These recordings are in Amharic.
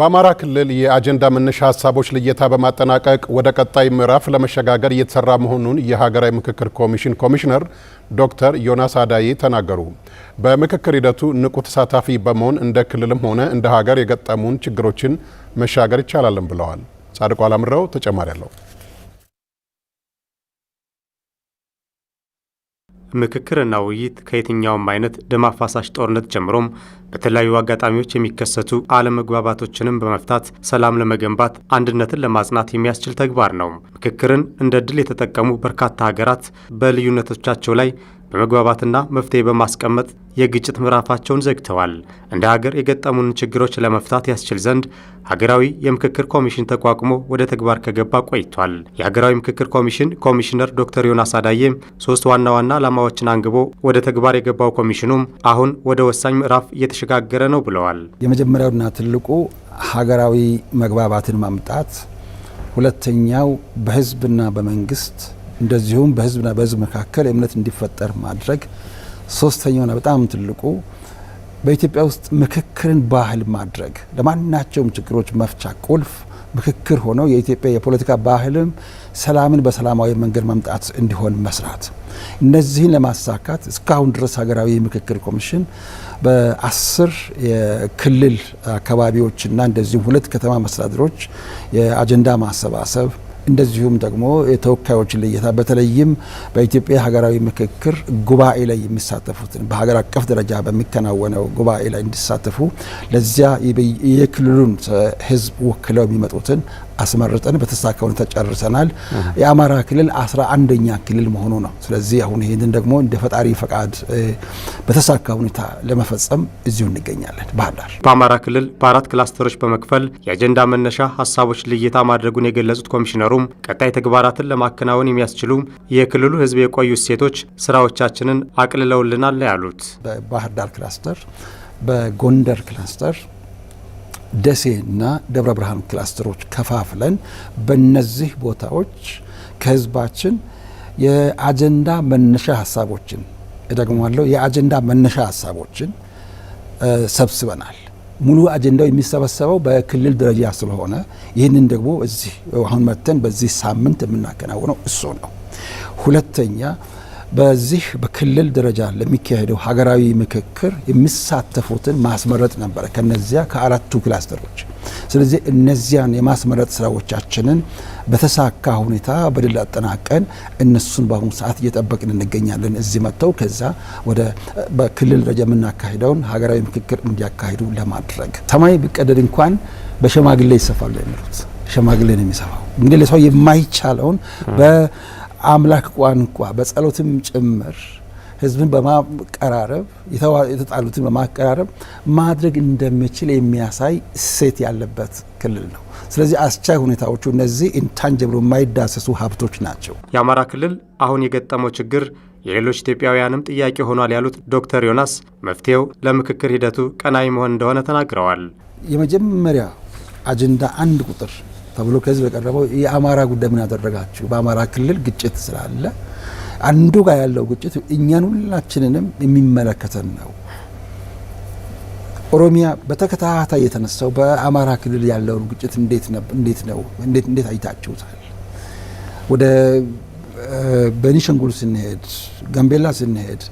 በአማራ ክልል የአጀንዳ መነሻ ሀሳቦች ልየታ በማጠናቀቅ ወደ ቀጣይ ምዕራፍ ለመሸጋገር እየተሰራ መሆኑን የሀገራዊ ምክክር ኮሚሽን ኮሚሽነር ዶክተር ዮናስ አዳዬ ተናገሩ። በምክክር ሂደቱ ንቁ ተሳታፊ በመሆን እንደ ክልልም ሆነ እንደ ሀገር የገጠሙን ችግሮችን መሻገር ይቻላልን ብለዋል። ጻድቁ አላምረው ተጨማሪ አለው። ምክክርና ውይይት ከየትኛውም አይነት ደም አፋሳሽ ጦርነት ጀምሮም በተለያዩ አጋጣሚዎች የሚከሰቱ አለመግባባቶችንም በመፍታት ሰላም ለመገንባት አንድነትን ለማጽናት የሚያስችል ተግባር ነው። ምክክርን እንደ ድል የተጠቀሙ በርካታ ሀገራት በልዩነቶቻቸው ላይ በመግባባትና መፍትሄ በማስቀመጥ የግጭት ምዕራፋቸውን ዘግተዋል። እንደ ሀገር የገጠሙን ችግሮች ለመፍታት ያስችል ዘንድ ሀገራዊ የምክክር ኮሚሽን ተቋቁሞ ወደ ተግባር ከገባ ቆይቷል። የሀገራዊ ምክክር ኮሚሽን ኮሚሽነር ዶክተር ዮናስ አዳዬም ሶስት ዋና ዋና ዓላማዎችን አንግቦ ወደ ተግባር የገባው ኮሚሽኑም አሁን ወደ ወሳኝ ምዕራፍ እየተሸጋገረ ነው ብለዋል። የመጀመሪያውና ትልቁ ሀገራዊ መግባባትን ማምጣት፣ ሁለተኛው በህዝብና በመንግስት እንደዚሁም በህዝብና በህዝብ መካከል እምነት እንዲፈጠር ማድረግ፣ ሶስተኛውና በጣም ትልቁ በኢትዮጵያ ውስጥ ምክክርን ባህል ማድረግ ለማናቸውም ችግሮች መፍቻ ቁልፍ ምክክር ሆነው የኢትዮጵያ የፖለቲካ ባህልም ሰላምን በሰላማዊ መንገድ ማምጣት እንዲሆን መስራት። እነዚህን ለማሳካት እስካሁን ድረስ ሀገራዊ ምክክር ኮሚሽን በአስር የክልል አካባቢዎችና እንደዚሁም ሁለት ከተማ መስተዳድሮች የአጀንዳ ማሰባሰብ እንደዚሁም ደግሞ የተወካዮች ልየታ በተለይም በኢትዮጵያ ሀገራዊ ምክክር ጉባኤ ላይ የሚሳተፉትን በሀገር አቀፍ ደረጃ በሚከናወነው ጉባኤ ላይ እንዲሳተፉ ለዚያ የክልሉን ሕዝብ ወክለው የሚመጡትን አስመርጠን በተሳካ ሁኔታ ጨርሰናል። የአማራ ክልል አስራ አንደኛ ክልል መሆኑ ነው። ስለዚህ አሁን ይህንን ደግሞ እንደ ፈጣሪ ፈቃድ በተሳካ ሁኔታ ለመፈጸም እዚሁ እንገኛለን። ባህር ዳር በአማራ ክልል በአራት ክላስተሮች በመክፈል የአጀንዳ መነሻ ሀሳቦች ልየታ ማድረጉን የገለጹት ኮሚሽነሩ ቢሰሩም ቀጣይ ተግባራትን ለማከናወን የሚያስችሉ የክልሉ ህዝብ የቆዩ እሴቶች ስራዎቻችንን አቅልለውልናል ያሉት በባህር ዳር ክላስተር፣ በጎንደር ክላስተር ደሴና ደብረ ብርሃን ክላስተሮች ከፋፍለን በነዚህ ቦታዎች ከህዝባችን የአጀንዳ መነሻ ሀሳቦችን እደግማለሁ፣ የአጀንዳ መነሻ ሀሳቦችን ሰብስበናል። ሙሉ አጀንዳው የሚሰበሰበው በክልል ደረጃ ስለሆነ ይህንን ደግሞ እዚህ አሁን መተን በዚህ ሳምንት የምናከናውነው እሱ ነው። ሁለተኛ በዚህ በክልል ደረጃ ለሚካሄደው ሀገራዊ ምክክር የሚሳተፉትን ማስመረጥ ነበረ ከነዚያ ከአራቱ ክላስተሮች። ስለዚህ እነዚያን የማስመረጥ ስራዎቻችንን በተሳካ ሁኔታ በድል አጠናቀን እነሱን በአሁኑ ሰዓት እየጠበቅን እንገኛለን። እዚህ መጥተው ከዛ ወደ በክልል ደረጃ የምናካሄደውን ሀገራዊ ምክክር እንዲያካሂዱ ለማድረግ ሰማይ ቢቀደድ እንኳን በሸማግሌ ይሰፋሉ የሚሉት ሸማግሌ ነው የሚሰፋው። እንግዲህ ለሰው የማይቻለውን አምላክ ቋንቋ በጸሎትም ጭምር ህዝብን በማቀራረብ የተጣሉትን በማቀራረብ ማድረግ እንደሚችል የሚያሳይ እሴት ያለበት ክልል ነው። ስለዚህ አስቻይ ሁኔታዎቹ እነዚህ ኢንታንጀብሎ የማይዳሰሱ ሀብቶች ናቸው። የአማራ ክልል አሁን የገጠመው ችግር የሌሎች ኢትዮጵያውያንም ጥያቄ ሆኗል ያሉት ዶክተር ዮናስ መፍትሄው ለምክክር ሂደቱ ቀናዊ መሆን እንደሆነ ተናግረዋል። የመጀመሪያ አጀንዳ አንድ ቁጥር ተብሎ ከዚህ በቀረበው የአማራ ጉዳይ ምን ያደረጋችሁ? በአማራ ክልል ግጭት ስላለ አንዱ ጋር ያለው ግጭት እኛን ሁላችንንም የሚመለከተን ነው። ኦሮሚያ በተከታታይ የተነሳው በአማራ ክልል ያለውን ግጭት እንዴት ነው እንዴት አይታችሁታል? ወደ በኒሸንጉል ስንሄድ፣ ጋምቤላ ስንሄድ፣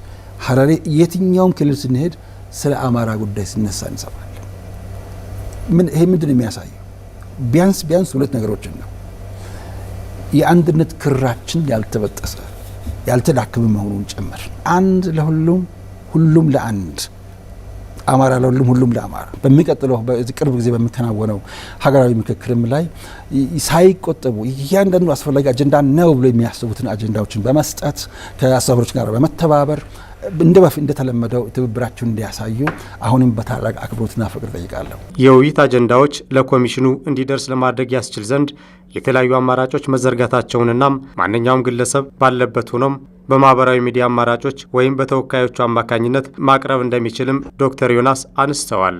ሀረሪ፣ የትኛውም ክልል ስንሄድ ስለ አማራ ጉዳይ ስነሳ እንሰማለን። ይሄ ምንድን ነው የሚያሳየው? ቢያንስ ቢያንስ ሁለት ነገሮችን ነው። የአንድነት ክራችን ያልተበጠሰ ያልተዳከመ መሆኑን ጭምር አንድ ለሁሉም ሁሉም ለአንድ አማራ ለሁሉም ሁሉም ለአማራ በሚቀጥለው ቅርብ ጊዜ በሚከናወነው ሀገራዊ ምክክርም ላይ ሳይቆጠቡ እያንዳንዱ አስፈላጊ አጀንዳ ነው ብሎ የሚያስቡትን አጀንዳዎችን በመስጠት ከአስተባባሪዎች ጋር በመተባበር እንደ በፊት እንደተለመደው ትብብራችሁን እንዲያሳዩ አሁንም በታላቅ አክብሮትና ፍቅር ጠይቃለሁ። የውይይት አጀንዳዎች ለኮሚሽኑ እንዲደርስ ለማድረግ ያስችል ዘንድ የተለያዩ አማራጮች መዘርጋታቸውንና ማንኛውም ግለሰብ ባለበት ሆኖም በማህበራዊ ሚዲያ አማራጮች ወይም በተወካዮቹ አማካኝነት ማቅረብ እንደሚችልም ዶክተር ዮናስ አንስተዋል።